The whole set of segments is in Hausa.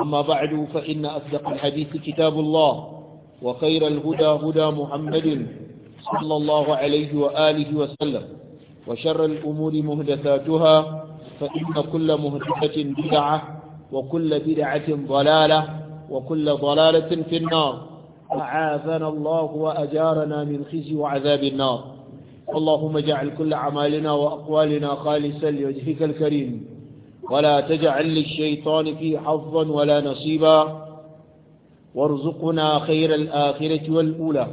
أما بعد فإن أصدق الحديث كتاب الله وخير الهدى هدى محمد صلى الله عليه وآله وسلم وشر الأمور مهدثاتها فإن كل مهدثة بدعة وكل بدعة ضلالة وكل ضلالة في النار أعاذنا الله وأجارنا من خزي وعذاب النار اللهم اجعل كل عمالنا وأقوالنا خالصا لوجهك الكريم ولا تجعل للشيطان في حظا ولا نصيبا وارزقنا خير الآخرة والأولى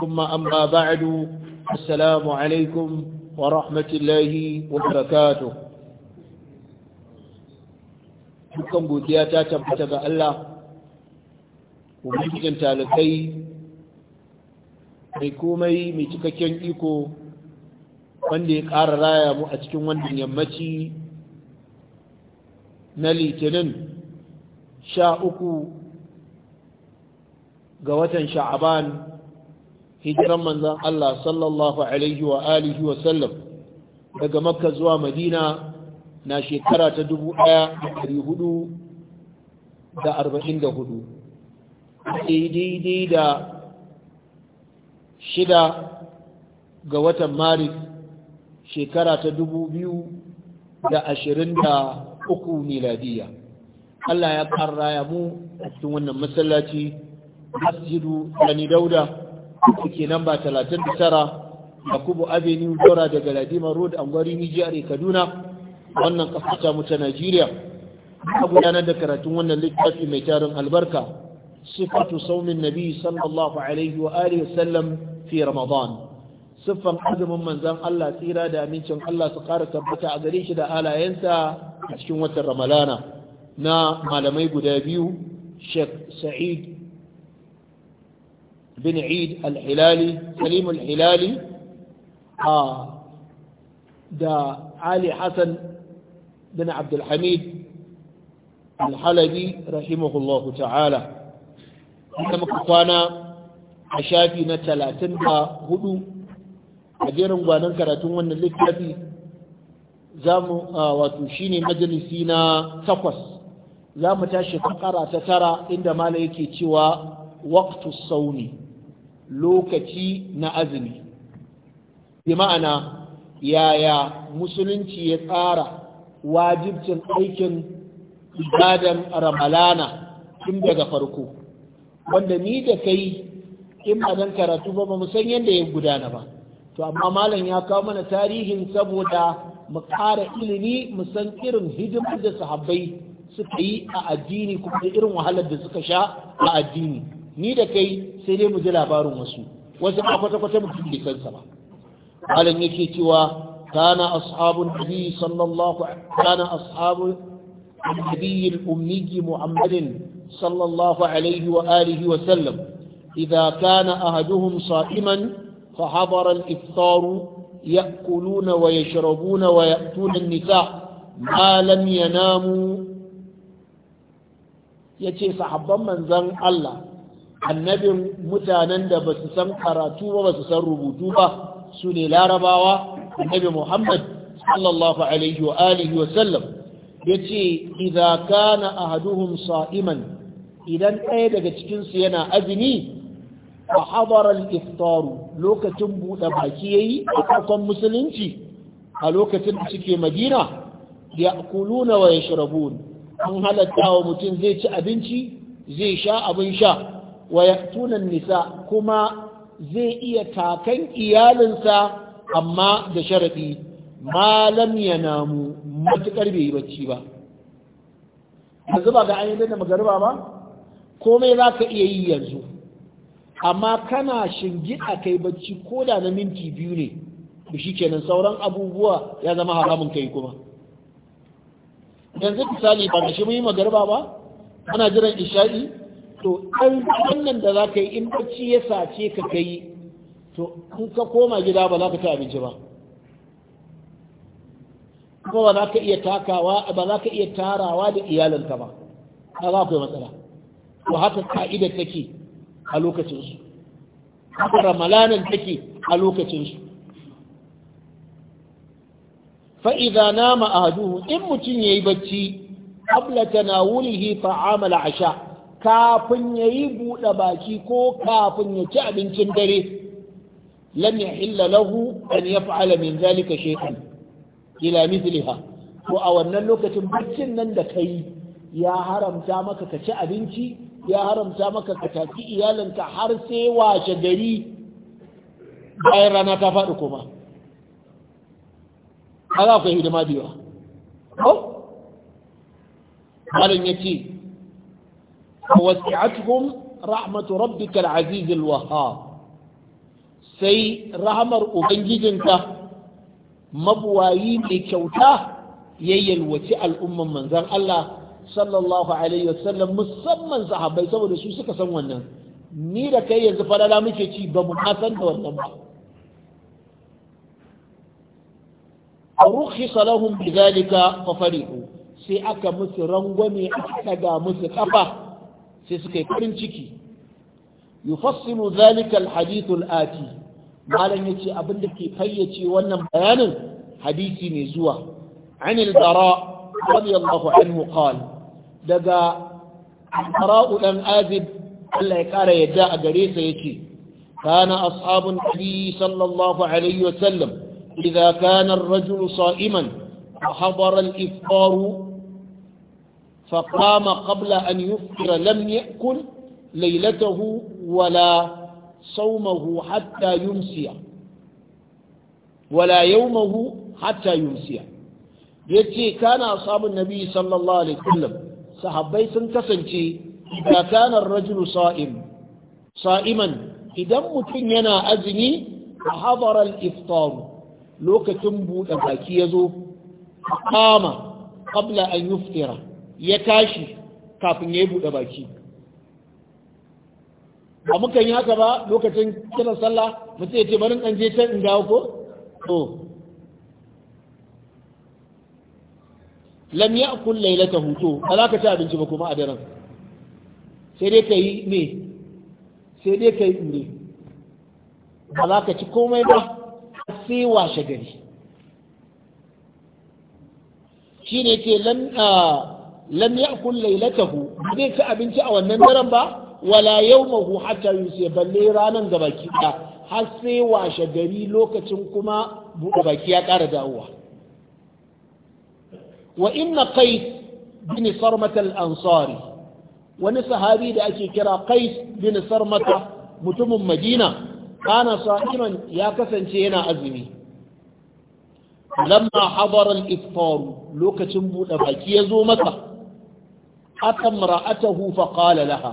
ثم أما بعد السلام عليكم ورحمة الله وبركاته dukkan godiya ta tabbata ga Allah ubangijin talakai mai komai mai cikakken iko wanda ya ƙara raya mu a cikin wannan yammaci na litinin sha uku ga watan sha'aban hijiran manzan Allah sallallahu alaihi wa alihi wa sallam daga makka zuwa madina na shekara ta dubu ɗaya da hudu da arba'in da hudu daidai da shida ga watan maris shekara ta dubu biyu da ashirin da uku miladiya Allah ya karra ya mu a cikin wannan masallaci masjidu Sani Dauda ke nan ba da Yakubu Avenue Dora daga Ladima Road Angwari Nijiyar Kaduna wannan kafata mu ta Najeriya a gudanar da karatun wannan littafi mai tarin albarka sifatu saumin nabi sallallahu alaihi wa alihi wasallam fi ramadan siffan azumin manzan Allah tsira da amincin Allah su ƙara tabbata a gare shi da halayensa a cikin watan Ramalana na malamai guda biyu Sheikh Sa'id bin Eid al-Hilali Salim al-Hilali a da Ali Hassan bin Abdul Hamid al-Halabi rahimahullahu ta'ala kuma muka kwana a shafi na talatin da hudu a jerin gwanon karatun wannan littafi za mu wato shine majalisi na takwas za mu tashi fakara ta tara inda mala yake cewa waktu sauni lokaci na azumi bi ma'ana yaya musulunci ya tsara wajibcin aikin ibadan ramalana tun daga farko wanda ni da kai in ba karatu ba ba mu san yadda ya gudana ba to amma malam ya kawo mana tarihin saboda mu ƙara ilimi mu san irin hidimar da sahabbai suka yi a addini kuma irin wahalar da suka sha a addini ni da kai sai dai mu ji labarin wasu wasu ma kwata-kwata mutum bai san sa ba malam yake cewa كان أصحاب النبي صلى الله عليه النبي الأمي محمد صلى الله عليه وآله وسلم إذا كان فحضر الإفطار يأكلون ويشربون ويأتون النساء ما لم يناموا yace sahabban manzon Allah annabin mutanen da ba su san karatu ba ba su san rubutu ba su ne larabawa annabi Muhammad sallallahu alaihi wa alihi wa sallam yace idza kana ahaduhum sa'iman idan ɗaya daga cikin su yana azumi wa hadara al-iftaru lokacin buɗe baki yayi a farkon musulunci a lokacin da suke madina ya kuluna wa yashrabun an halatta wa mutum zai ci abinci zai sha abin sha wa ya'tuna nisa kuma zai iya takan iyalinsa amma da sharadi malam ya namu matuƙar bai yi bacci ba yanzu ba ga ayyukan da magariba ba komai za ka iya yi yanzu amma kana a kai bacci ko da na minti biyu ne shi kenan sauran abubuwa ya zama haramun kai kuma yanzu misali ba shi muyi magarba ba ana jiran isha'i to an wannan da za ka yi in bacci ya sace ka kai to in ka koma gida ba za ka ta abinci ba kuma ba za ka iya takawa ba za ka iya tarawa da iyalinka ba ba za ku yi matsala to haka ka'idar take a lokacinsu haka ramalanin take a lokacinsu fa'iza na a in mutum ya yi bacci ablata na wulihi fa'amala a sha kafin ya yi buɗe baki ko kafin ya ci abincin dare lan ya illa lahu an ya fa'ala min zalika shekar ila mithliha ko a wannan lokacin baccin nan da ka yi ya haramta maka ka ci abinci ya haramta maka ka tafi iyalinka har sai washe gari bayan rana ta faɗi kuma a za ku yi hidima biyu ko? ya ce wasi'atuhum rahmatu rabbika al-aziz al-wahhab sai rahamar ubangijinka mabuwayi mai kyauta ya yalwaci al'umman manzan Allah sallallahu alaihi wasallam musamman sahabbai saboda su suka san wannan ni da kai yanzu falala muke ci ba mu san da wannan ba rukhisa lahum bidhalika fa farihu sai aka musu rangwame aka daga musu kafa sai suka yi farin ciki yufassilu dhalika alhadith alati malam yace abin da ke fayyace wannan bayanin hadisi ne zuwa an al-bara radiyallahu anhu qala daga Qara'u dan Azib Allah ya kara yadda a gare sa yake kana ashabun nabi sallallahu alaihi wa sallam idza kana ar-rajul sa'iman hadara al-iftar fa qama qabla an yufṭir lam ya'kul laylatahu wala صومه حتى يمسي ولا yawmahu hatta yumsiya yace kana ashabun nabi sallallahu alaihi wasallam sahabbai sun kasance da kanar rajulu sa'im sa'iman idan mutum yana azumi a habaral iftar lokacin buɗe baki ya zo kama ƙabla an yuftira ya tashi kafin ya yi buɗe baki ba mukan yi haka ba lokacin kiran sallah mutum ya ce barin an je can in dawo ko? lam kun lailata hutu ba za ka ci abinci ba kuma a daren sai dai ka yi ne sai dai yi ne ba za ka ci komai ba sai washe gari shi ne ce lam kun lailata ba zai ci abinci a wannan daren ba wala yau hata yi sai balle ranan gabaki ɗaya har sai washe gari lokacin kuma buɗe baki ya ƙara dawowa wa inna qais bin sarmata al-ansari wani sahabi da ake kira qais bin sarmata mutumin madina kana sa'iman ya kasance yana azumi lamma hadara iftar lokacin buɗe baki yazo masa atamra'atahu fa qala laha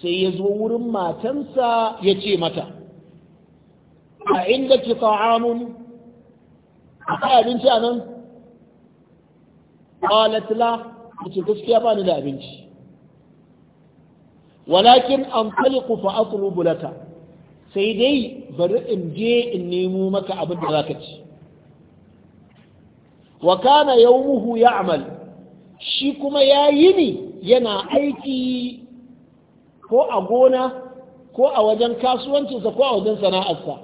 sai yazo wurin matansa yace mata a inda a ta'amun abinci anan qalat la ce gaskiya ba ni da abinci walakin an taliku fa atlubu laka sai dai bari in je in nemo maka abin da zaka ci wa kana yawmuhu ya'mal shi kuma yayi ni yana aiki ko a gona ko a wajen kasuwancinsa ko a wajen sana'arsa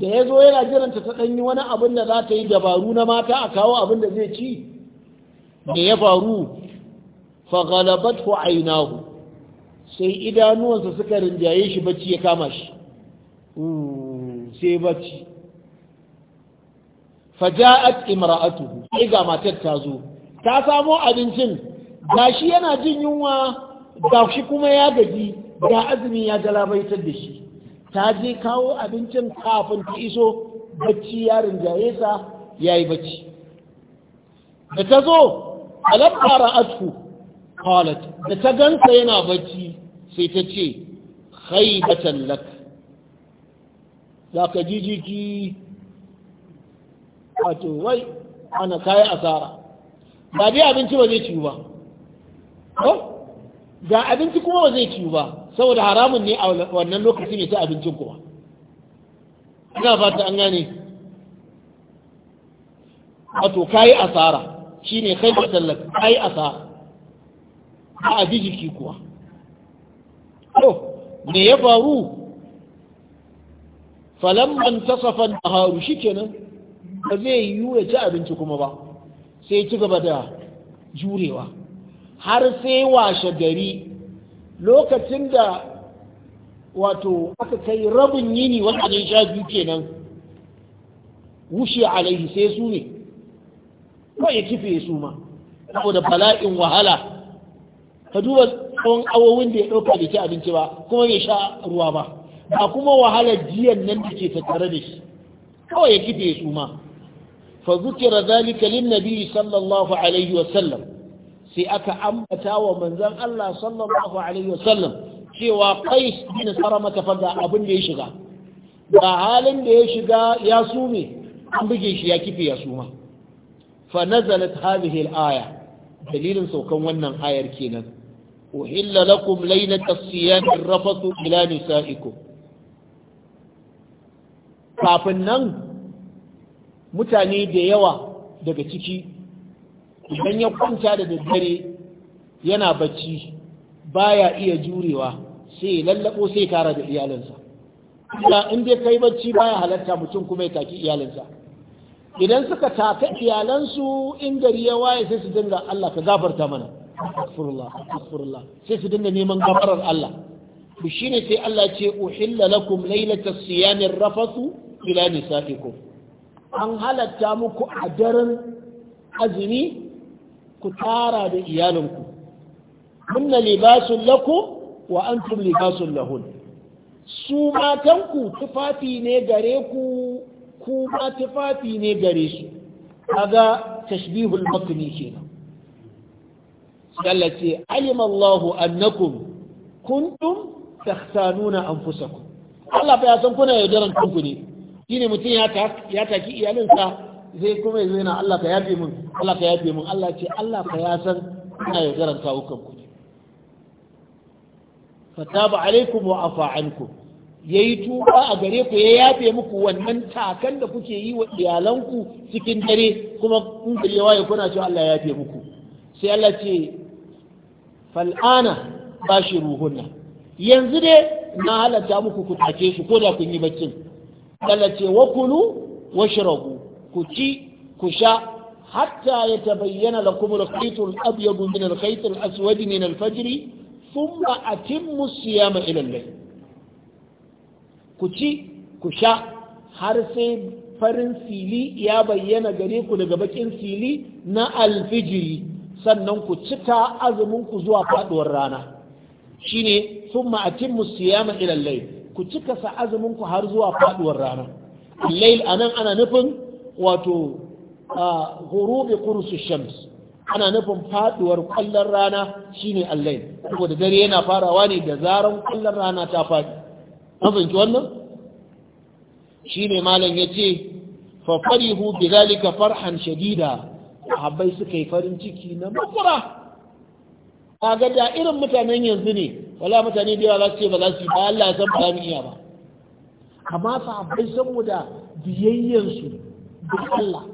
da ya zo yana jiranta ta ɗanyi wani abin da za ta yi dabaru na mata a kawo abin da zai ci me ya faru faghalabathu aynahu sai idanuwansa suka rinjaye shi bacci ya kama shi hmm, sai bacci faja'at imra'atuhu sai ga matar ta zo ta samo abincin gashi yana jin yunwa gashi kuma ya gaji ga azumi ya galabaitar da shi ta je kawo abincin kafin ta iso bacci ya rinjaye sa yayi bacci da ta zo falamma ra'athu qalat da ta gansa yana bacci sai ta ce khaybatan lak zaka jijiki wato wai ana kai asara ba dai abinci ba zai ciyu ba ko ga abinci kuma ba zai ciyu ba saboda haramun ne a wannan lokaci ne ta abincin kuma ina fata an gane wato kayi asara ne kai matsalar ai a sa a ji jiki kuwa to me ya faru falamman tasafan ke shikenan ba zai yiwu ya ci abinci kuma ba sai ci gaba da jurewa har sai washe gari lokacin da wato aka kai rabin yini wajen sha biyu nan, wushe alaihi sai su ne kawai ya kife ya suma saboda bala'in wahala ka duba tsawon awowin da ya ɗauka da ci abinci ba kuma ya sha ruwa ba ba kuma wahalar jiyan nan da ke tattare da shi kawai ya kife ya suma fa zukira zalika lin nabi sallallahu alaihi wa sallam sai aka ambata wa manzon Allah sallallahu alaihi wa sallam cewa qais bin sarama ta faga abin da ya shiga da halin da ya shiga ya sume an buge shi ya kife ya suma fa nazalat hadhihi al-aya dalilin saukan wannan ayar kenan uhilla lakum laylatas siyam ar ila nisaikum kafin nan mutane da yawa daga ciki idan ya kwanta da daddare yana bacci baya iya jurewa sai lallabo sai tara da iyalansa in dai kai bacci baya halarta mutum kuma ya taki iyalansa idan suka taka iyalansu in gari ya waye sai su dinga Allah ka gafarta mana astaghfirullah astaghfirullah sai su dinga neman gafarar Allah to shine sai Allah ce uhilla lakum laylatas siyami rafasu ila nisaikum an halatta muku a daren azumi ku tara da iyalinku kunna libasun lakum wa antum libasun lahun su matanku tufafi ne gare ku kuma tufafi ne gare su kaga tashbihul matni kenan Allah ce alima Allah annakum kuntum takhtanuna anfusakum Allah fa ya san kuna yaudaran kanku ne shine mutum ya ta ya taki iyalinsa zai kuma zai na Allah ka yafe mun Allah ka yafe mun Allah ce Allah fa ya san kuna yaudaran kawukan ku ne fataba alaikum wa afa ankum ya yi tuba a gare ku ya yafe muku wannan takan da kuke yi wa iyalanku cikin dare kuma kun kare waye kuna cewa Allah ya yafe muku sai Allah ce fal'ana ba shi ruhunna yanzu dai na halatta muku ku take su ko da kun yi baccin Allah ce wa kulu wa shrabu ku ci ku sha hatta tabayyana lakum al-khayt abyad min al-khayt aswad min al-fajr thumma atimmu as-siyama ila al-layl ku ci ku sha har sai farin sili ya bayyana gare ku daga bakin sili na alfijiri sannan ku cika azumin ku zuwa faduwar rana shine sun atimmu siyama ila al-layl ku cika sa azumin ku har zuwa faduwar rana al-layl anan ana nufin wato ghurubi qurus shams ana nufin faduwar kwallon rana shine al-layl saboda dare yana farawa ne da zaran kwallon rana ta fadi mafanci wannan shi ne malam ya ce fafarihu bi zalika farhan shadida habai suka yi farin ciki na makura a ga da irin mutanen yanzu ne wala mutane da yawa za su ce ba za su yi ba Allah ya san ba mu iya ba amma sahabbai saboda biyayyansu da Allah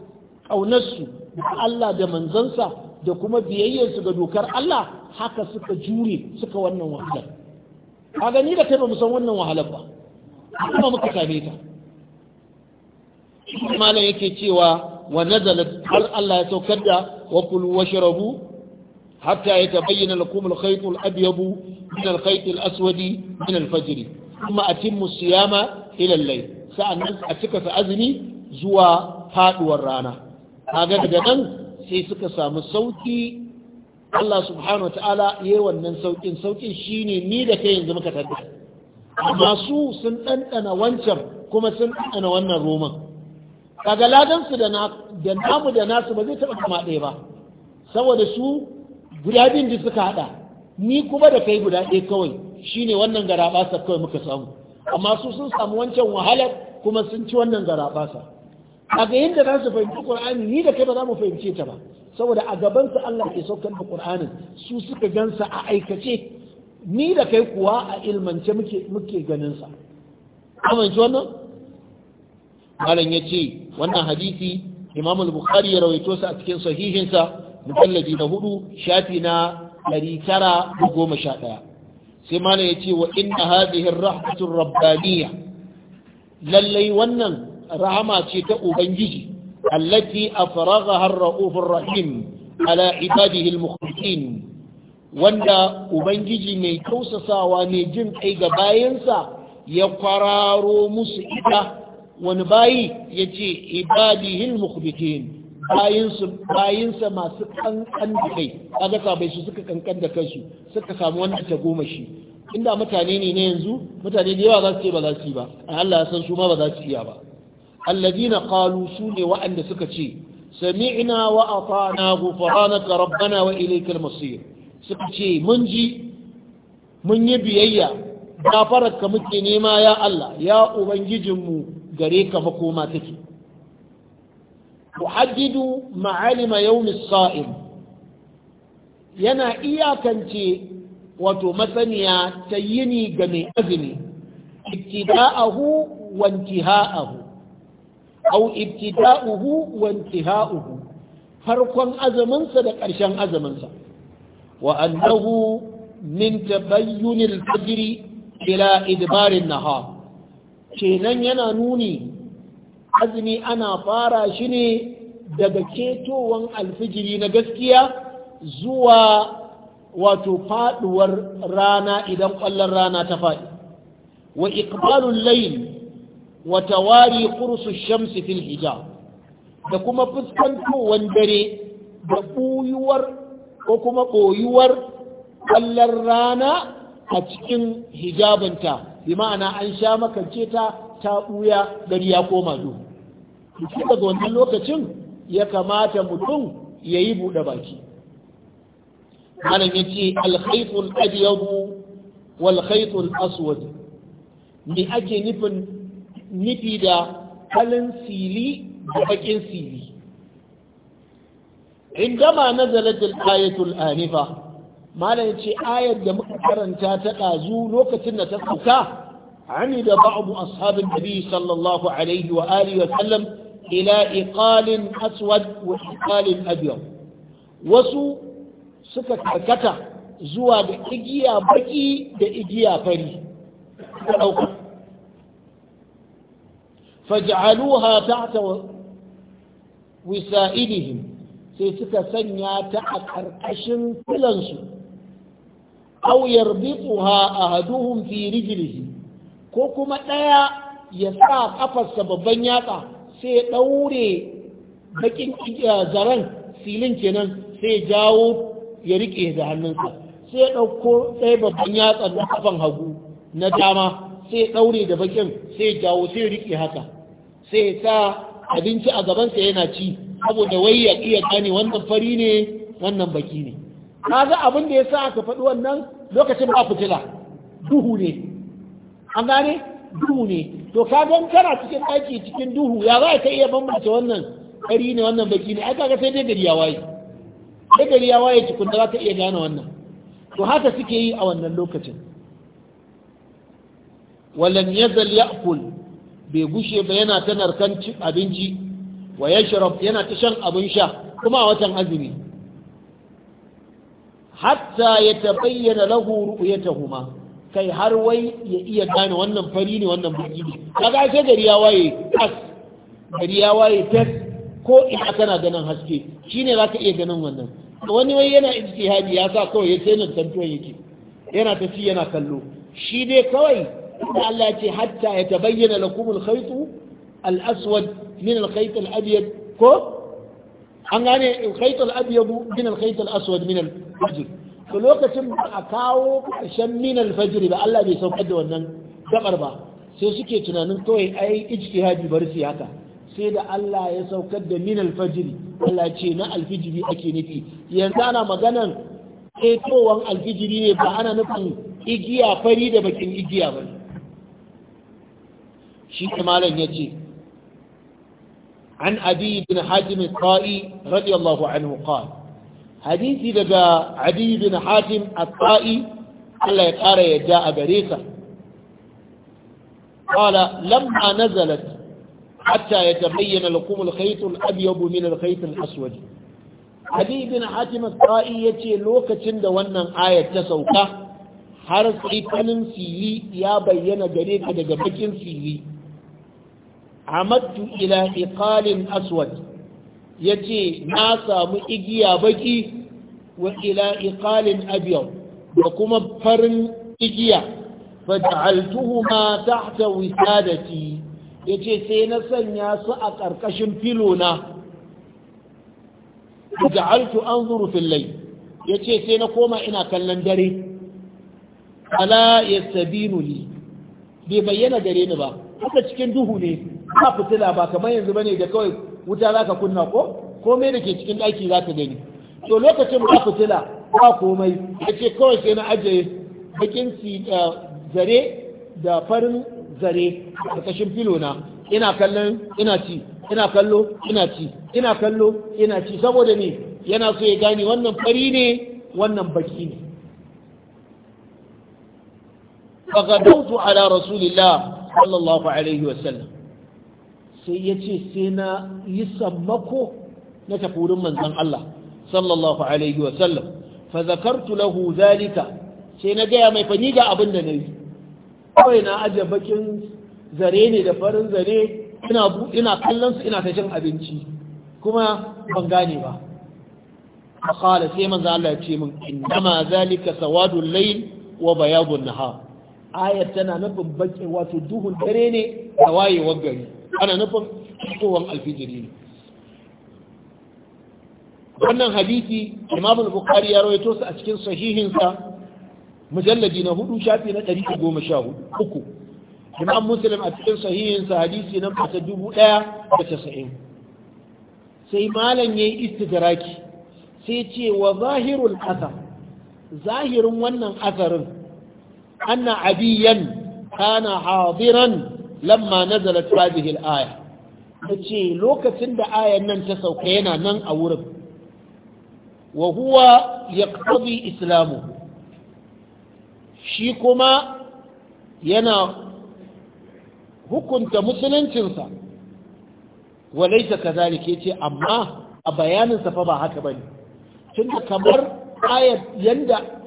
ƙaunarsu da Allah da manzansa da kuma biyayyansu ga dokar Allah haka suka jure suka wannan wahalar a gani da kai ba mu san wannan wahalar ba kuma muka same ta malam yake cewa wa nazalat har Allah ya saukar da wa kulu washrabu hatta yatabayyana lakum al-khayt al-abyad min al-khayt al-aswad min al-fajr kuma atimmu siyama ila al-layl nan a cika sa azumi zuwa faduwar rana kaga daga nan sai suka samu sauki Allah subhanahu ta'ala yayi wannan saukin saukin shine ni da kai yanzu muka tabbata amma su sun dandana wancan kuma sun dandana wannan roman kaga ladan su da da namu da nasu ba zai taba kuma ɗaya ba saboda su guda biyun da suka hada ni kuma da kai guda ɗaya kawai shine wannan garabasa kawai muka samu amma su sun samu wancan wahalar kuma sun ci wannan garabasa kaga yadda za su fahimci Qur'ani ni da kai ba za mu fahimce ta ba saboda a gabansa Allah ke saukar da Kur'anin su suka gansa a aikace ni da kai kuwa a ilmance muke ganinsa. amince wannan malam yace wannan hadisi Imam al-Bukhari ya rawaito sa a cikin sahihinsa, sa na hudu shafi na 911 sai malam ce, wa inna hadhihi ar-rahmatur rabbaniyya lallai wannan rahama ce ta ubangiji التي a الرؤوف الرحيم على عباده المخلصين wanda ubangiji mai kausasawa ne jin kai ga bayansa ya kwararo musu ita wani bayi ya ce ibadihil mukhbitin bayinsa masu kankan da kai kaga sabai su suka kankan da kansu suka samu wannan ta goma shi inda mutane ne na yanzu mutane da yawa za su ce ba za su yi ba Allah ya san ba za su iya ba alladina na su ne waɗanda suka ce sami'na wa ata'na ghufranaka rabbana wa ilaykal masir suka ce mun ji mun yi biyayya gafararka muke nema ya Allah ya ubangijinmu gare ka makoma take tuhaddidu ma'alima yawmis sa'im yana iyakance wato masaniya ta yini ga mai azumi ibtida'ahu wa intiha'ahu au ibtida'uhu wa intiha'uhu farkon azaminsa da ƙarshen azaminsa wa annahu min tabayyunil fajr ila idbarin nahar kenan yana nuni azumi ana fara shi ne daga ketowan alfijiri na gaskiya zuwa wato faduwar rana idan kwallon rana ta faɗi wa iqbalul layl Wata wari ƙursu shamsi fil hijab da kuma fuskantowar dare da buyuwar ko kuma koyuwar kallon rana a cikin hijabanta, bi ma'ana an sha makance ta ta buya gari ya koma duhu duk daga wannan lokacin ya kamata mutum ya yi buɗe baki malam ya ce alhaifun adiyabu walhaifun aswad me ake nufin nufi da halin sili da bakin sili inda ma na zalatul ayatul anifa malam ce ayar da muka karanta ta ɗazu lokacin da ta sauka hannu da ba'abu ashabin nabi sallallahu alaihi wa alihi wa sallam ila iqalin aswad wa iqalin abyar wasu suka karkata zuwa da igiya baki da igiya fari ta faj'aluha ta'ta wisa'idihim sai suka sanya ta a ƙarƙashin filansu aw yarbituha ahaduhum fi rijlihi ko kuma ɗaya ya sa kafarsa babban yatsa sai ɗaure bakin eh, zaren filin kenan sai jawo ya riƙe da hannunsa sai ya ɗauko ɗaya babban yatsa na kafan hagu na dama sai ya ɗaure da bakin sai jawo sai riƙe haka sai ta abinci a gabansa yana ci saboda wai ya iya gane wannan fari ne wannan baki ne ga abin da ya sa aka faɗi wannan lokacin ba fitila duhu ne an gane duhu ne to ga kana cikin aiki cikin duhu ya za ka iya bambance wannan fari ne wannan baki ne ai kaga sai dai gari ya waye sai gari ya waye cikin da za ka iya gane wannan to haka suke yi a wannan lokacin walam يزل يأكل bai gushe ba yana ta narkan abinci wa yashrab yana ta shan abin sha kuma a watan azumi hatta ya ta tabayyana lahu ru'yatuhuma kai har wai ya iya gane wannan fari ne wannan baki ne kaga sai gari ya waye tas gari ya waye tas ko ina na ganin haske shine zaka iya ganin wannan wani wai yana ijtihadi ya sa kawai ya sai nan tantuwan yake yana tafi yana kallo shi dai kawai Allah ya ce hatta ya ta bayyana al-khayt al-aswad min al-khayt al-abyad ko an gane al-khayt al-abyad min al-khayt al-aswad min al-fajr to lokacin ba a kawo karshen min al-fajr ba Allah bai saukar da wannan gabar ba sai suke tunanin kawai ai ijtihadi bari su haka sai da Allah ya saukar da min al-fajr Allah ce na al-fajr ake nufi yanzu ana maganan ƙetowan alfijiri ne ba ana nufin igiya fari da bakin igiya ba shi malam ya ce an adi bin hajim ta'i radiyallahu anhu qal hadisi daga adi bin hajim ta'i Allah ya ƙara yadda a gare sa lamba lamma nazalat hatta ya ta al-khayt al-abyad min al-khayt al-aswad hadi bin hatim al lokacin da wannan ayat ta sauka har sai fanin fili ya bayyana gare ka daga bakin fili. amattu ila iqalin aswad yace na samu igiya baki wa ila iqalin abyad da kuma farin igiya faj'altuhuma tahta wisadati yace sai na sanya su a karkashin filona ja'altu anzuru fil layl yace sai na koma ina kallon dare ala yastabinu li bai bayyana gare ni ba haka cikin duhu ne ba fitila ba kamar yanzu bane da kawai wuta za ka kunna ko komai da ke cikin daki za ka gani to lokacin ba fitila ba komai ya ce kawai sai na ajiye bakin eh, zare da farin zare a kashin filo na ina kallon ina ci ina kallo ina ci ina kallo ina ci saboda ne yana so ya gane wannan fari ne wannan baki ne فغدوت على رسول الله صلى الله عليه وسلم sai ya ce sai na yi sammako na tafi manzan Allah sallallahu alaihi wasallam fa lahu zalika sai na gaya mai fani ga abin da na yi kawai na aje bakin zare ne da farin zare ina kallon su ina ta cin abinci kuma ban gane ba kala sai manzo Allah ya ce min ma zalika sawadul layl wa bayadun nahar ayat tana nufin bakin wato duhun dare ne da wayewar gari ana nufin fitowar alfijiri ne wannan hadisi imam al-bukhari ya rawaito su a cikin sahihinsa mujalladi na hudu shafi na 114 uku imam muslim a cikin sahihinsa hadisi na mata 1090 sai malam ya yi istidraki sai ce wa zahirul asar zahirin wannan asarin anna abiyan kana hadiran lamma nazalat hadhihi al-aya tace lokacin da ayan nan ta sauka yana nan a wurin wa huwa yaqtadi islamu shi kuma yana hukunta musuluncinsa walaita kazalik yace amma a bayaninsa fa ba haka bane tunda kamar ayat yanda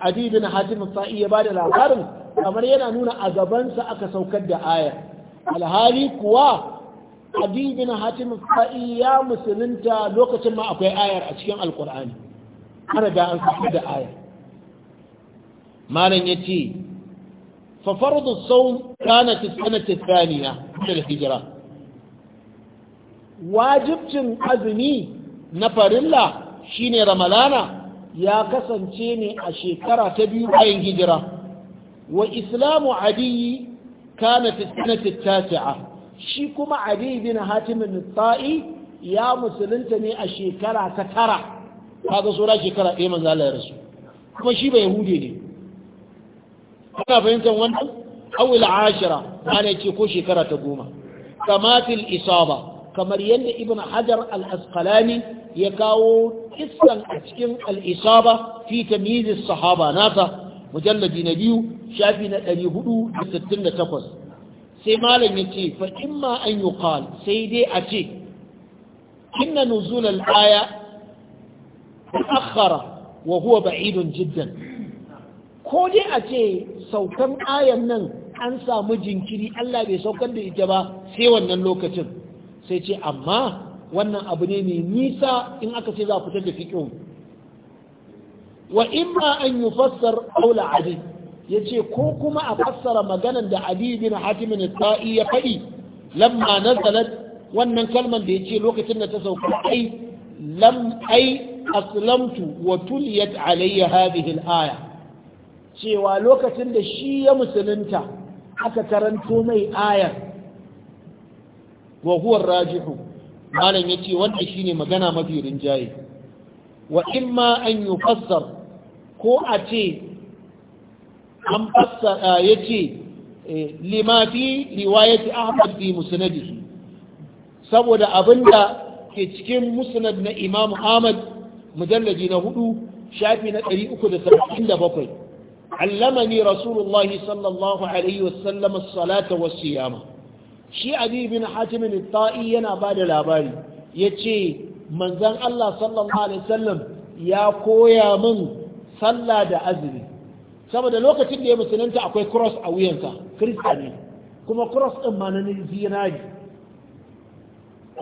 Adi bin Sa'i ya bada labarin kamar yana nuna a gabansa aka saukar da ayar alhali kuwa abi hatim fa'i ya musulunta lokacin ma akwai ayar a cikin alkur'ani ana da an saukar da ayar malam yace fa fardu sawm kana fi sanati thaniya wajibcin azumi na farilla shine ramalana ya kasance ne a shekara ta biyu bayan hijira وإسلام عدي كان في السنة التاسعة شيكم عدي بن هاتم الطائي يا مسلمتني الشيكرة تكرة هذا صورة شيكرة إيه من ذلك يا رسول كما شيب يهودي لي أنا فهمتم وانا أو العاشرة أنا يتشيكو شيكرة تقوم كما في الإصابة kamar yadda ibn hajar al-asqalani ya kawo kissan a cikin al-isaba fi tamyiz as-sahaba nasa mujalladi na biyu shafi na 468 sai malam yace fa imma an kawal sai dai a ce inna nuzul al-aya ta'akhkhara wa huwa ba'idun jiddan ko dai a ce saukan ayan nan an samu jinkiri Allah bai saukar da ita ba sai wannan lokacin sai ce amma wannan abu ne mai nisa in aka ce za a fitar da fiƙin wa imma an yufassar qawla ya yace ko kuma a fassara maganar da adi bin hatim bin ta'i ya faɗi? lamma Salat, wannan kalmar da yace lokacin da ta sauka ai lam ai aslamtu wa tuliyat alayya hadhihi al-aya cewa lokacin da shi ya musulunta aka karanto mai ayar wa huwa rajihu malam yace wannan shine magana mafi rinjaye wa imma an yufassar ko a ce an fassara ya ce eh, limafi riwayati ahmad bi musnadihi saboda abinda ke cikin musnad na imamu ahmad mujallaji na hudu shafi na 377 allamani rasulullahi sallallahu alaihi wasallam as-salata was-siyama shi abi bin hatim al-ta'i yana ba da labari yace manzon Allah sallallahu alaihi wasallam ya koya min sallah da azumi saboda lokacin da ya musulunta akwai cross a wuyansa kirista ne kuma cross ɗin ma na zinari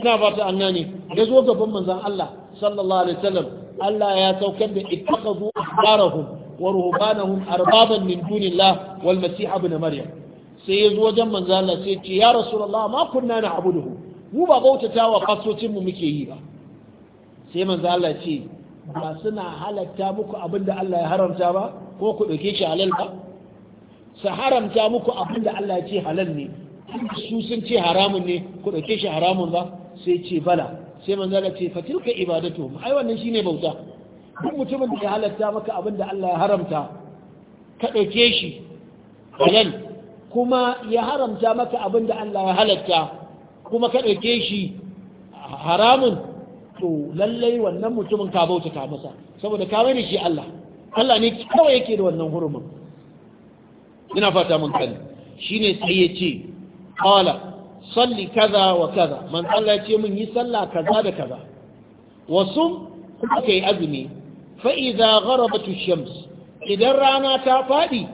ina fata an gane ya zo gaban manzan Allah sallallahu alaihi wasallam Allah ya saukar da ittaqazu ahbarahum wa ruhbanahum arbaban min dunillah wal masih ibn maryam sai ya zo wajen manzon Allah sai ce ya rasulullah ma kunna na'buduhu mu ba bautatawa fasocin mu muke yi ba sai manzon Allah ce ba suna halatta muku abin da Allah ya haramta ba ko ku ɗauke shi halal ba su haramta muku abin da Allah ya ce halal ne su sun ce haramun ne ku ɗauke shi haramun ba sai ce bala sai manzo Allah ce tilka ibadatu ai wannan shine bauta duk mutumin da ya halatta maka abin da Allah ya haramta ka ɗauke shi halal kuma ya haramta maka abinda Allah ya halatta kuma ka ɗauke shi haramun to lallai wannan mutumin ka ta masa saboda ka mai shi Allah Allah ne kawai yake da wannan hurumin ina fata mun kan shine sai ya ce qala salli kaza wa kaza man Allah ya ce mun yi sallah kaza da kaza wa sum kai azumi fa idza gharabat shams idan rana ta fadi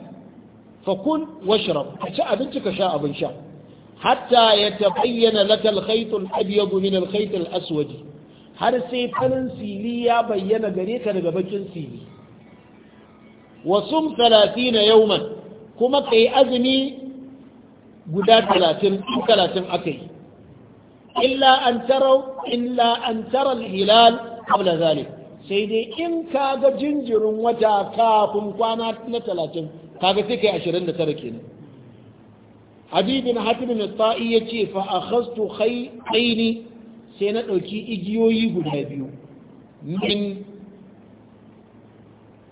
fa kun washrab ka ci abinci ka sha abin sha hatta yatabayyana laka al-khayt al-abyad min al aswad har sai farin sili ya bayyana gare ka daga bakin sili wasum 30 yawman kuma ka yi azumi guda talatin, 30 akai illa an taraw illa an tarar al-hilal qabla zalik sai dai in ka ga jinjirin wata kafin kwana na 30 kaga ashirin da 29 kenan Habibin Hatim al ya ce fa a kai khayni sai na ɗauki igiyoyi guda biyu min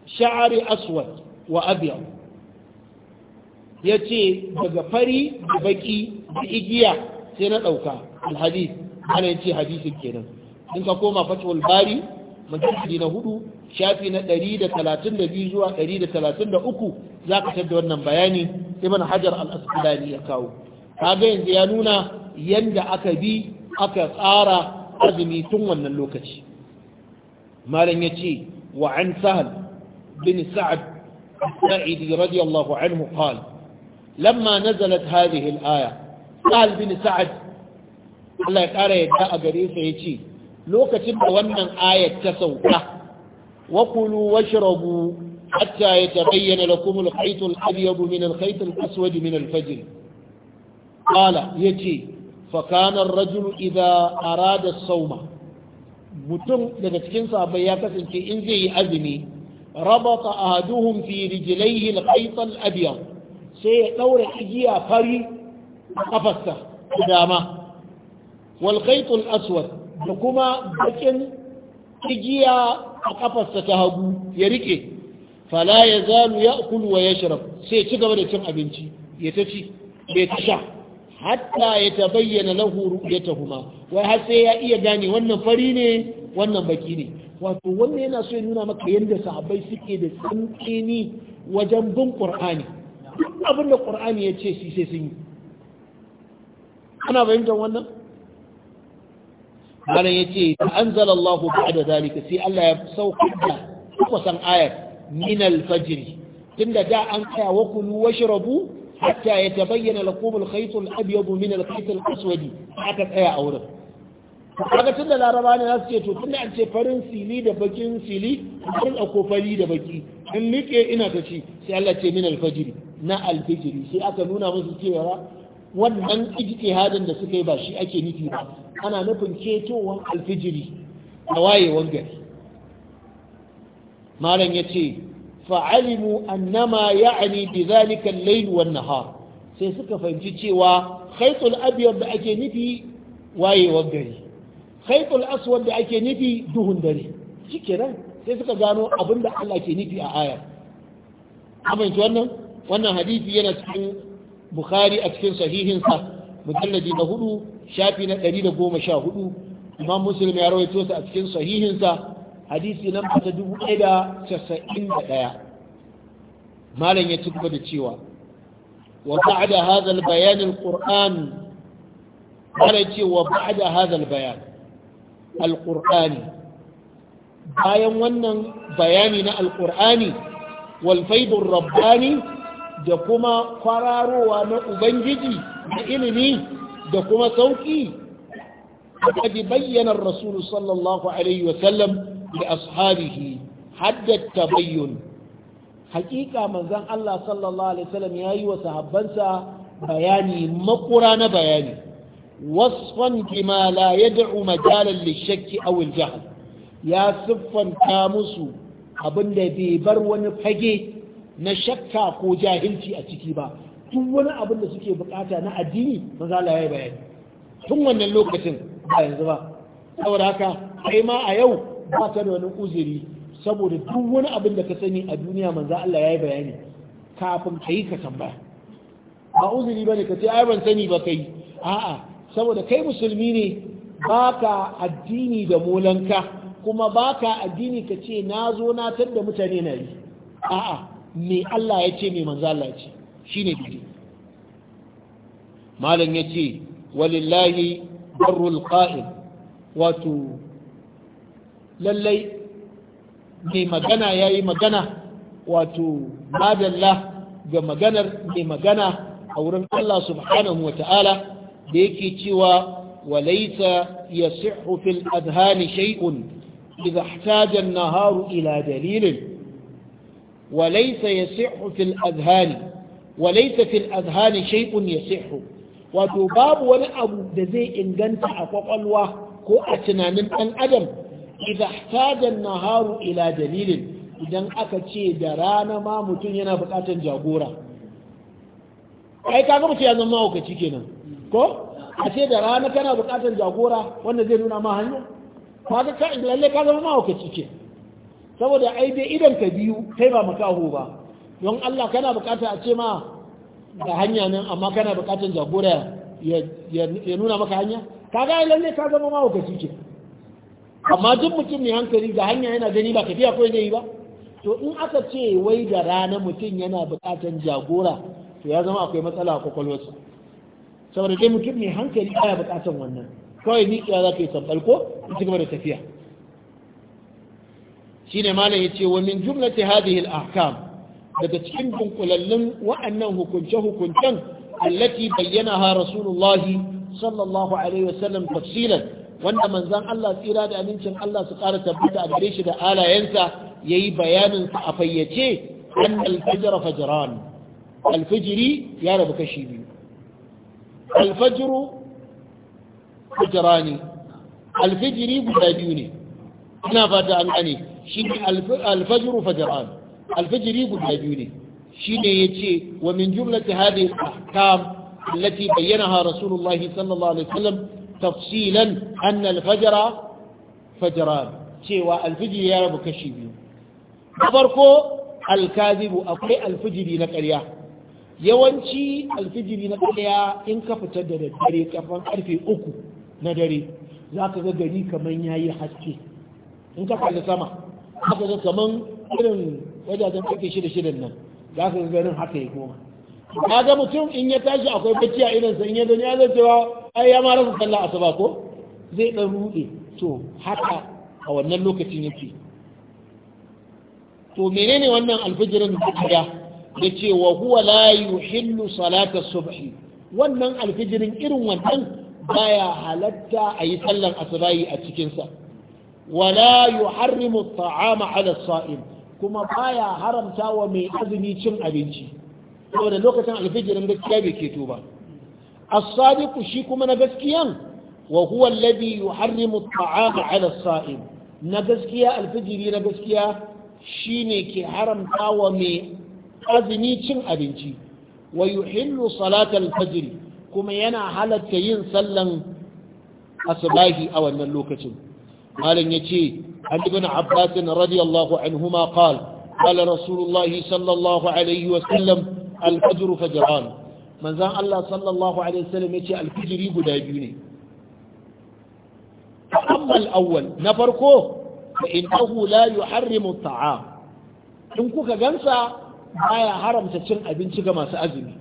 sha'ari aswad wa abiyar ya ce daga fari da baki da igiya sai na ɗauka alhadis ana yin ce hadisin kenan in ka koma fatwal bari majalisi na hudu shafi na 132 zuwa 133 za ka da wannan bayani ibn hajar al-asqalani ya kawo kaga yanzu ya nuna yanda aka bi aka tsara azumi tun wannan lokaci malam ya ce wa an sahal bin sa'ad sa'idi radiyallahu anhu qal lamma nazalat hadhihi al-aya sa'al bin sa'ad Allah ya kara yadda a gare sa yace lokacin da wannan ayat ta sauka wa kulu washrabu hatta yatabayyana lakum al-khayt al-abyad min al-khayt al-aswad min al-fajr qala yace fakanar rajulu idza arada sauma mutum daga cikin sahabbai ya kasance in zai yi azumi rabata ahaduhum fi rijlaihi al-khayt abyad sai ya daura igiya fari a kafarsa dama wal khayt al-aswad da kuma bakin igiya a kafarsa ta hagu ya rike fala yazalu ya'kulu wa yashrab sai ya ci gaba da cin abinci ya ta ci bai ta sha hatta ya tabayyana lahu ru'yatuhuma wai har sai ya iya gane wannan fari ne wannan baki ne wato wannan yana so ya nuna maka yadda sahabbai suke da tsantseni wajen bin qur'ani abin da qur'ani ya ce shi sai sun yi ana fahimtar wannan malam ya ce ta anzala ba'da zalika sai Allah ya saukar da kusan ayar min al-fajr tunda da an kaya wa kulu washrabu hatta ya tabayyana lakum al-khayt al-abyad min al-khayt aswad aka tsaya a wurin kaga tunda laraba ne zasu ce to tunda an ce farin sili da bakin sili kun ako fari da baki in nike ina ta ci sai Allah ce min al-fajr na al-fajr sai aka nuna musu cewa wannan hadin da suka yi ba shi ake nufi ba ana nufin cetowar al-fajr da wayewar gari malam yace fa'alimu annama ya'ani bi zalika lailu layl wan nahar sai suka fahimci cewa khaytul abyad da ake nufi wayewar gari khaytul aswad da ake nufi duhun dare shikenan sai suka gano abinda Allah ke nufi a aya amince wannan wannan hadisi yana cikin bukhari a cikin sahihinsa mujalladi na hudu shafi na 114 imam muslim ya rawaito sa a cikin sahihinsa hadisi nan ta dubu ɗaya da casa'in da ɗaya malam ya ci da cewa wa ba'da hadha al-bayan al-qur'an malam ce wa ba'da hadha al-bayan al-qur'ani bayan wannan bayani na al-qur'ani wal faidur rabbani da kuma kwararowa na ubangiji na ilimi da kuma sauki da بين الرسول Sallallahu Alaihi عليه وسلم li ashabihi haddat tabayyun hakika manzon Allah sallallahu alaihi wasallam wa sahabbansa bayani makura na bayani wasfan bima la yad'u majalan lishakki aw ya siffanta musu abinda bai bar wani fage na shakka ko jahilci a ciki ba tun wani da suke bukata na addini manzo bayani tun wannan lokacin yanzu ba ma a yau ba ta da wani uzuri saboda duk wani abin da ka sani a duniya manzo Allah ya yi bayani kafin ka yi ka tambaya ba uzuri bane ka ce ai ban sani ba kai a'a saboda kai musulmi ne baka addini da molanka kuma baka addini ka ce na zo na tadda mutane na yi a'a me Allah ya ce me manzo Allah ya ce shine dai malam yace walillahi barul qa'im wato lallai mai magana ya yi magana wato madalla ga maganar mai magana a wurin Allah subhanahu wa ta'ala da yake cewa walaita ya fil adhani shay'un idza ihtaja an-naharu ila dalilin walaysa yasihhu fil adhani walaysa fil adhani shay'un yasihhu wato babu wani abu da zai inganta a kwakwalwa ko a tunanin ɗan adam idza ihtaja an-naharu ila dalilin idan aka ce da rana ma mutum yana buƙatar jagora ai kaga mutum ya zama hukaci kenan ko a ce da rana kana buƙatar jagora wanda zai nuna ma hanya kaga ka lalle ka zama mahaukaci ke saboda ai dai idan ka biyu kai ba makaho ba don Allah kana buƙata a ce ma da hanya nan amma kana buƙatar jagora ya nuna maka hanya kaga ai lalle ka zama mahaukaci ke amma duk mutum mai hankali ga hanya yana gani ba tafiya ko yi ba to in aka ce wai da rana mutum yana buƙatar jagora to ya zama akwai matsala a kwakwalwarsa saboda dai mutum mai hankali baya buƙatar wannan kawai ni tsaya za ka yi sambal ko in ci gaba da tafiya shine malam ya wa min jumlati hada al-ahkam daga cikin dunkulallun wa'annan hukunce hukuncen allati bayyana rasulullahi sallallahu alaihi wasallam tafsilan wanda manzan Allah tsira da amincin Allah su ƙara tabbata a gare shi da alayensa ya yi bayaninsa a fayyace an alfajira fajiran alfajiri ya rabu kashi biyu alfajiru fajirani alfajiri guda biyu ne ina fata an gane shi ne alfajiru fajiran alfajiri guda biyu ne shi ne ya ce wa min jumlati hadhihi al-ahkam allati bayyanaha rasulullahi sallallahu alaihi wasallam تفصيلا أن الفجر فجران سوى الفجر يا رب كشبي أبركو الكاذب أقرأ الفجر نكريا yawanci alfijiri na ɗaya in ka fitar da dare kafin karfe uku na dare za ka ga gari kamar ya yi haske in ka kalli sama za ka ga kamar irin wajajen ƙarfe shida shidan nan za ka ga garin haka ya koma ga mutum in ya tashi akwai bacci a irin sa in ya zani ya zai cewa ai ya ma rasa sallah asuba ko zai dan rude to haka a wannan lokacin yake to menene wannan alfijirin da ya ce wa huwa la yuhillu salata subhi wannan alfijirin irin wannan baya halatta a yi sallan asirayi a cikinsa wala yuharrimu ta'ama ala sa'im kuma baya haramta wa mai azumi cin abinci saboda lokacin alfijirin gaskiya bai ke ba as-sadiqu shi kuma na gaskiyan wa huwa alladhi yuharrimu at-ta'ama 'ala as-sa'im na gaskiya alfijiri na gaskiya shine ke haramta wa mai azumi cin abinci wa yuhillu salata al-fajr kuma yana halatta yin sallan asbahi a wannan lokacin malam yace an ibn abbas radiyallahu anhuma qala qala rasulullahi sallallahu alaihi wa sallam alfajru fajran manzon Allah sallallahu alaihi wasallam yace alfijiri guda biyu ne amma al-awwal na farko fa innahu la yuharrimu in kuka gansa baya haramta cin abinci ga masu azumi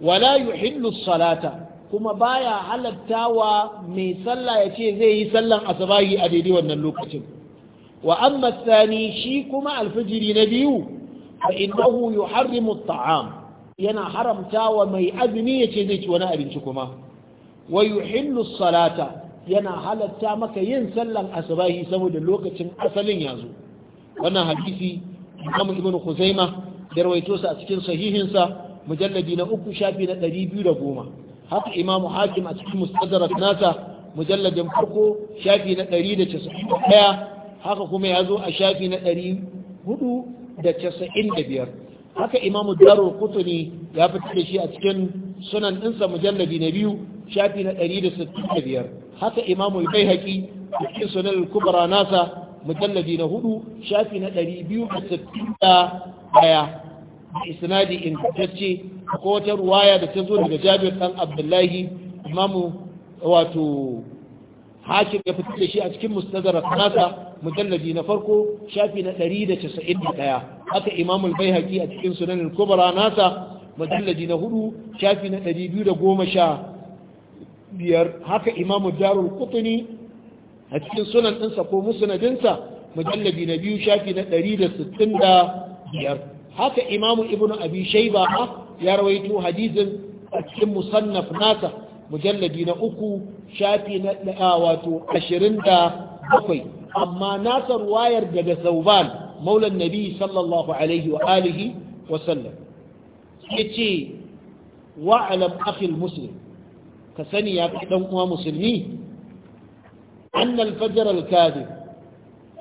wala yuhillu salata kuma baya halattawa mai sallah ya ce zai yi sallan asabahi a daidai wannan lokacin wa amma tsani shi kuma alfijiri na biyu fa innahu yuharrimu yana haramtawa mai azumi yace zai ci wani abinci kuma wa yuhillu salata yana halatta maka yin sallar asbahi saboda lokacin asalin yazo wannan hadisi Imam Ibn Khuzaimah ya rawaito a cikin sahihinsa mujalladi na uku shafi na 210 haka Imam Hakim a cikin Mustadrak nasa mujalladin farko shafi na 191 haka kuma ya zo a shafi na 400 da casa'in da biyar haka imamu daro kutuni ya fita da shi a cikin sunan ɗinsa mujallabi na biyu shafi na ɗari da sittin da biyar haka imamu bai haƙi a cikin sunan kubra nasa mujallabi na hudu shafi na ɗari biyu da sittin da ɗaya isnadi ingantacce ko wata ruwaya da ta zo daga jabir ɗan abdullahi imamu wato hakim ya fita da shi a cikin mustadrak nasa mujalladi na farko shafi na 191 haka imam al-baihaqi a cikin sunan al-kubra nasa mujalladi na hudu shafi na 215 haka imam darul qutni a cikin sunan ɗinsa ko musnadinsa mujalladi na biyu shafi na 165 haka imam ibnu abi shayba ya rawaito hadisin a cikin musannaf nasa mujalladi na uku shafi na wato 27 amma nasa wayar daga sauban maulan nabi sallallahu alaihi wa alihi wa sallam yace ce? alam akhil muslim ka sani ya kai dan uwa musulmi annal fajr al kadhib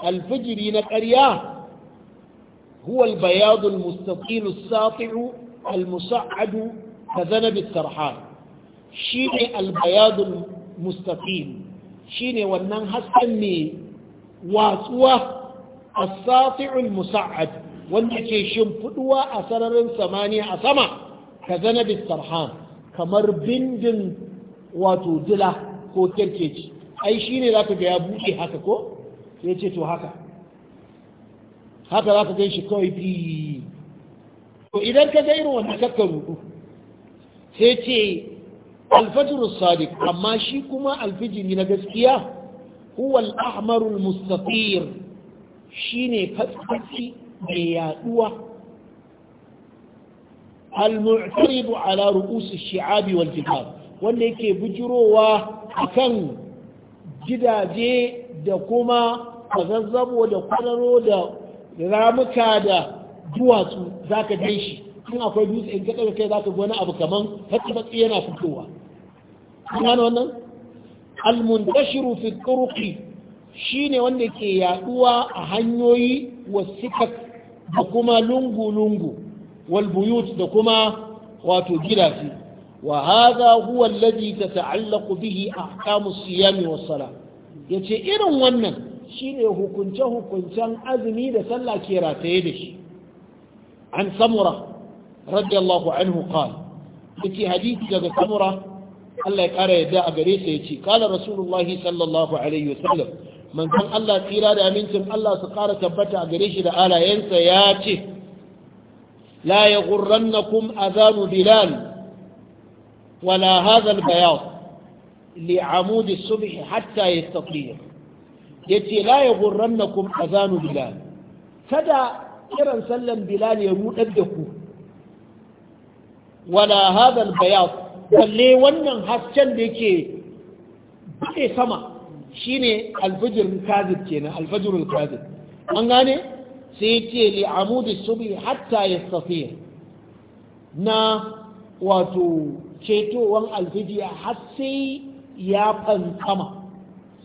al fajri na ƙarya هو البياض المستطيل الساطع المصعد كذنب السرحان شيني البياض Shi ne wannan hasken ne watsuwa as-sati'ul musa'ad wanda ke shimfiduwa a sararin samaniya a sama ka zana bistarhan kamar bindin wato dila ko kirkeci ai shi shine zaka ga ya buɗe haka ko sai ce to haka haka zaka ga shi kawai bi to idan ka ga irin wannan kakka rudu sai ce alfajr sadiq amma shi kuma alfijiri na gaskiya huwa al-ahmaru mustafir shine fatsaci mai yaduwa al-mu'taridu ala ru'us ash-shi'ab wal jibal wanda yake bujirowa akan gidaje da kuma kwazazzabo da kwararo da ramuka da duwatsu zaka gan shi in akwai dutse in ka kai za ga wani abu kaman fatsi yana fitowa wannan almuntashiru fi turuqi shine wanda ke yaɗuwa a hanyoyi wasikat da kuma lungu lungu wal buyut da kuma wato gidaje wa hadha huwa alladhi tata'allaqu bihi ahkamu siyami was yace irin wannan shine hukunce hukuncen azumi da sallah ke rataye da shi an samura radiyallahu anhu qala yace hadisi daga samura Allah ya ƙara yadda a gare sa ya ce kala rasulullahi sallallahu alaihi wasallam manzon Allah tsira da amincin Allah su ƙara tabbata a gare shi da alayensa ya ce la a zanu bilal wala hadha al-bayad li amud hatta ya hatta ya ce la ya kum a zanu bilal kada kiran sallan bilal ya rudar da ku wala hadha al balle wannan hasken da yake buɗe sama shine alfajirul kadhib kenan alfajirul kadhib an gane sai ce li amudi subhi hatta yastatiya na wato cetowan alfajiya har sai ya fankama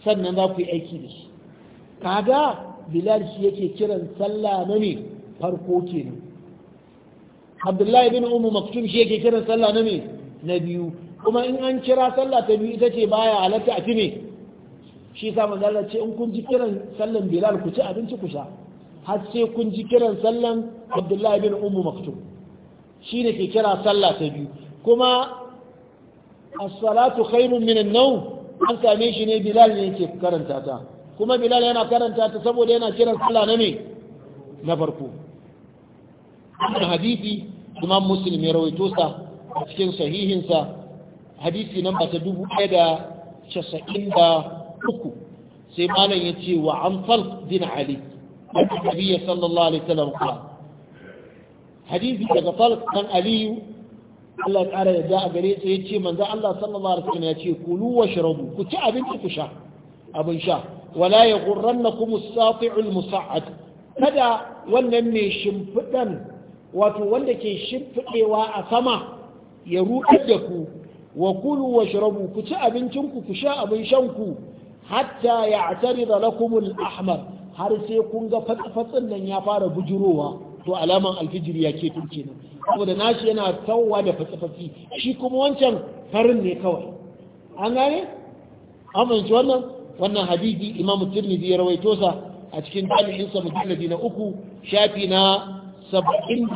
sannan za ku yi aiki da shi kaga bilal shi yake kiran sallah na me farko kenan abdullahi bin umu maktum shi yake kiran sallah na me. na biyu kuma in an kira sallah ta biyu ita ce baya halatta a time shi sa manzala ce in kun ji kiran sallan bilal ku ci abinci ku sha har sai kun ji kiran sallan abdullahi bin ummu maktum shi ne ke kira sallah ta biyu kuma as-salatu khairun min an-nawm an same shi ne bilal ne yake karanta ta kuma bilal yana karanta ta saboda yana kiran sallah na me na farko wannan hadisi imam muslim ya rawaito sa a cikin sahihinsa hadisi nan ba ta dubu ɗaya da casa'in da uku sai malam ya ce wa an falk bin ali wanda nabiya sallallahu alaihi wasallam ka hadisi daga falk dan aliyu Allah ya ƙara za a gare su ya ce manzo Allah sallallahu alaihi wasallam ya ce kulu wa shrabu ku ci abinci ku sha abin sha wala yaghurrannakum as-sati'u al-musa'ad kada wannan ne shimfiɗan, wato wanda ke shimfidewa a sama ya ruɗar da ku wa kulu wa shirabu ku ci abincinku ku sha abin shanku hatta ya atari da lakumul ahmar har sai kun ga fatsafatsin nan ya fara bujurowa to alaman alfijiri ya ke tun kenan saboda nashi yana tawwa da fatsafatsi shi kuma wancan farin ne kawai an gane amince wannan wannan hadisi imamu tirmidhi ya rawaito sa a cikin jami'in sa na uku shafi na 76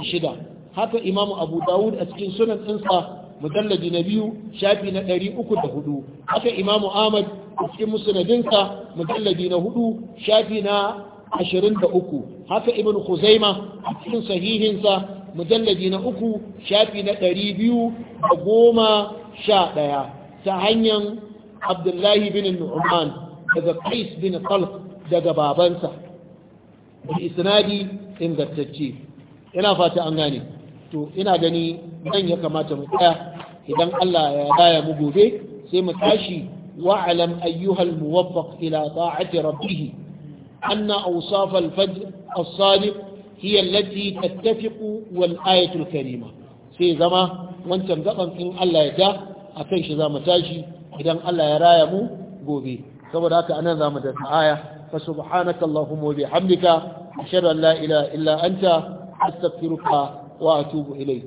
haka imamu abu dawud a cikin sunan ɗinsa mujallabi na biyu shafi na ɗari uku da hudu haka imamu ahmad a cikin musnadinsa mujallabi na hudu shafi na ashirin da uku haka ibn khuzaima a cikin sahihinsa mujallabi na uku shafi na ɗari biyu da goma sha ɗaya ta hanyar abdullahi bin nu'man daga qais bin talq daga babansa da isnadi ingantacce ina fata an gane to ina gani nan ya kamata mu tsaya idan Allah ya raya mu gobe sai mu tashi wa'alam ayyuhal muwaffaq ila ta'ati rabbih anna awsaf al-fajr as-sadiq hiya allati tattafiqu wal ayatu karima sai zama wancan gaban in Allah ya ta kan shi zamu tashi idan Allah ya raya mu gobe saboda haka anan zamu da aya fa subhanaka allahumma wa bihamdika ashhadu an la ilaha illa anta wa atubu ilai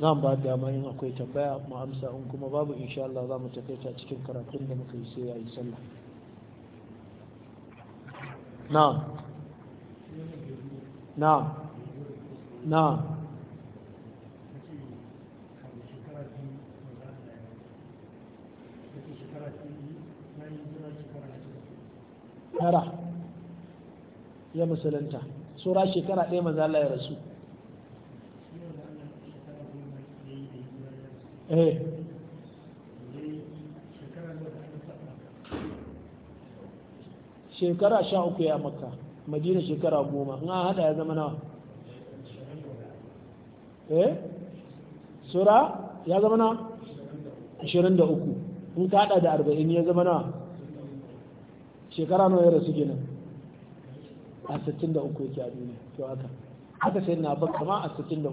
zan ba dama yin akwai tambaya mu amsa in kuma babu insha Allah za mu ta cikin karatun da muka yi sai yayi sallah na'am na'am na'am tara ya musulunta tsora shekara ɗaya maza Allah ya rasu eh shekara sha uku ya maka madina shekara goma na hada ya zama nawa eh sura ya zama nawa ashirin da uku in ka hada da arba'in ya zama nawa shekara nawa ya rasu gina a sittin da uku yake a duniya to haka haka sai na bakka ma a 63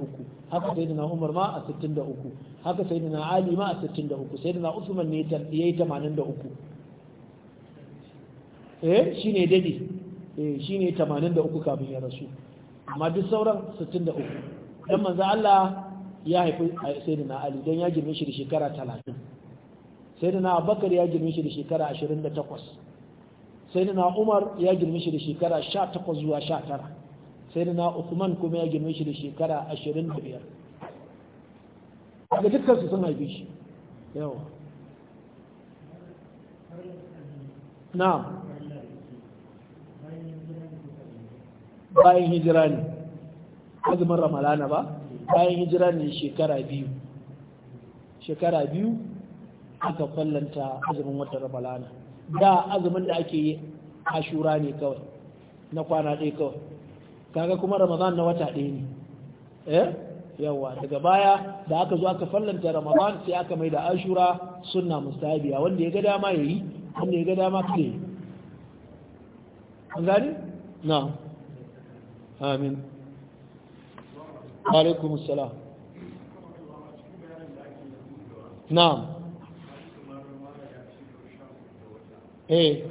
haka sai na umar ma a 63 haka sai na ali ma a 63 sai na usman ne ya yi 83 eh shi ne dadi eh shi ne 83 kafin ya rasu amma duk sauran 63 dan manzo Allah ya haifi eh, na Ali dan ya girme shi da shekara 30 sayyidina Abubakar ya girme shi da shekara 28 sayyidina Umar ya girme shi da shekara 18 zuwa 19 sayyidina Usman kuma ya girme shi da shekara 25 daga dukkan su sun haife shi yawa na bayan hijira ne azumin ramalana ba bayan hijira ne shekara biyu shekara biyu aka kwallanta azumin watan ramalana da azumin da ake yi ashura ne kawai na kwana ɗaya kawai kaga kuma ramadan na wata ɗaya ne eh yawa daga baya da aka zo aka fallanta ramadan sai aka mai da ashura sunna mustahabiya wanda ya ga dama yayi wanda ya ga dama kare an gani na amin alaikum assalam na'am eh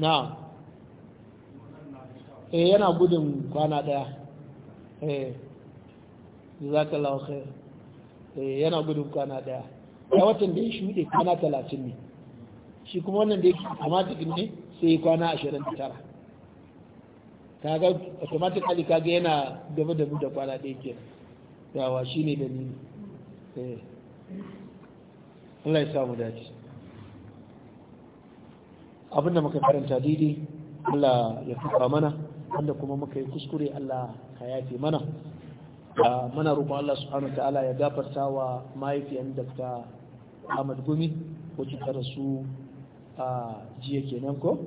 na'am eh yana gudun kwana daya eh jazakallahu khair eh yana gudun kwana daya a watan da ya shuɗe kwana talatin ne shi kuma wannan da ya kamata ne sai kwana ashirin da tara kaga automatic ali kaga yana gaba da da kwana ɗaya ke yawa shi ne ni eh Allah ya samu dace abinda muka karanta daidai Allah ya fuka mana wanda kuma muka yi kuskure Allah ka yafe mana muna roƙon Allah subhanahu ta'ala ya gafarta wa mahaifiyan Dr. Ahmad Gumi wacce ta rasu a jiya kenan ko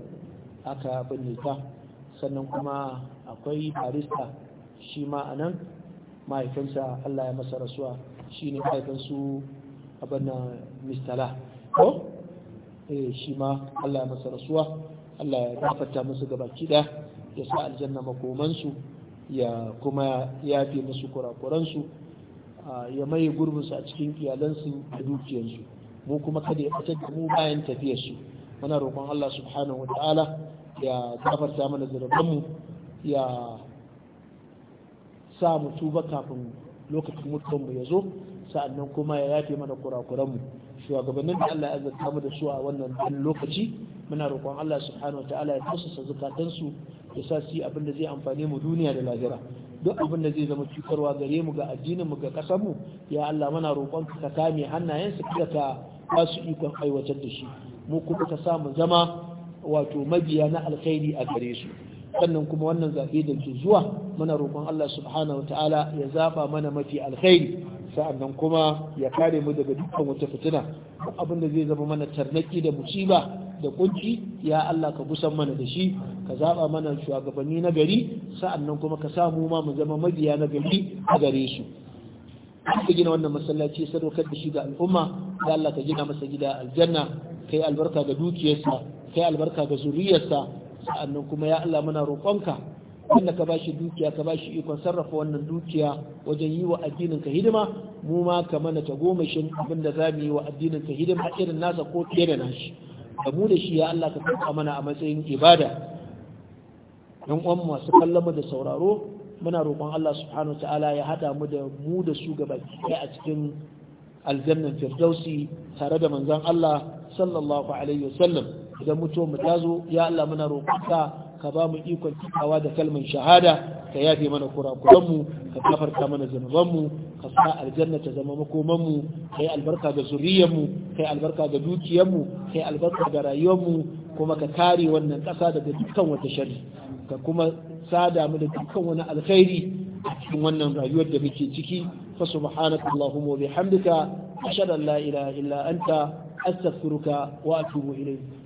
aka binne ta sannan kuma akwai Farista shi ma a nan mahaifinsa Allah ya masa rasuwa shi ne mahaifinsu abin na mistala ko eh, shi ma Allah ya masa rasuwa Allah ya gafarta musu gabaki ɗaya ya sa aljanna makomansu ya kuma yafe musu kurakuransu ya maye gurbinsu a cikin iyalansu da dukiyarsu mu kuma kada ya fitar da mu bayan tafiyarsu muna roƙon Allah subhanahu wa ta'ala ya gafarta mana mu ya sa mu tuba kafin lokacin mutuwanmu ya zo sa'annan kuma ya yafe mana kurakuranmu shugabannin da Allah ya azurta mu da su a wannan lokaci muna roƙon Allah subhanahu ta'ala ya tausasa su ya sa su abin da zai amfane mu duniya da lahira duk abin da zai zama cutarwa gare mu ga addinin mu ga ƙasar mu ya Allah muna roƙon ka kame hannayensu kada ka ba su ikon aiwatar da shi mu kuma ta sa mu zama wato mabiya na alkhairi a gare su sannan kuma wannan zaɓe da ke zuwa muna roƙon Allah subhanahu wa ta'ala ya zaɓa mana mafi alkhairi sa'annan kuma ya kare mu daga dukkan wata fitina abin da zai zama mana tarnaki da musiba da kunci ya Allah ka gusan mana da shi ka zaɓa mana shugabanni na gari sa'annan kuma ka samu ma mu zama mabiya na gari a gare su ka gina wannan masallaci sadaukar da shi ga al'umma ya Allah ka gina masa gida aljanna kai albarka ga dukiyarsa kai albarka ga zuriyarsa sa'annan kuma ya Allah muna roƙonka wanda ka bashi dukiya ka bashi ikon sarrafa wannan dukiya wajen yi wa addinin ka hidima mu ma ka mana ta gomashin abin za mu yi wa addinin ka hidima irin nasa ko fiye da nashi da mu da shi ya Allah ka karɓa mana a matsayin ibada yan uwan masu kallon mu da sauraro muna roƙon Allah subhanahu ta'ala ya hada mu da mu da su gaba a cikin aljannan firdausi tare da manzon Allah sallallahu alaihi wasallam idan mutuwar mu ta zo ya Allah muna roƙonka ka ba mu ikon cikawa da kalmar shahada ka yafe mana kurakuran mu ka kafarta mana zanuban mu ka sa aljanna ta zama makoman mu kai albarka ga zuriyar mu kai albarka ga dukiyar mu kai albarka ga rayuwar mu kuma ka kare wannan ƙasa daga dukkan wata sharri ka kuma sada mu da dukkan wani alkhairi a cikin wannan rayuwar da muke ciki fa subhanaka allahumma wa bihamdika ashhadu an la ilaha illa anta astaghfiruka wa atubu ilayk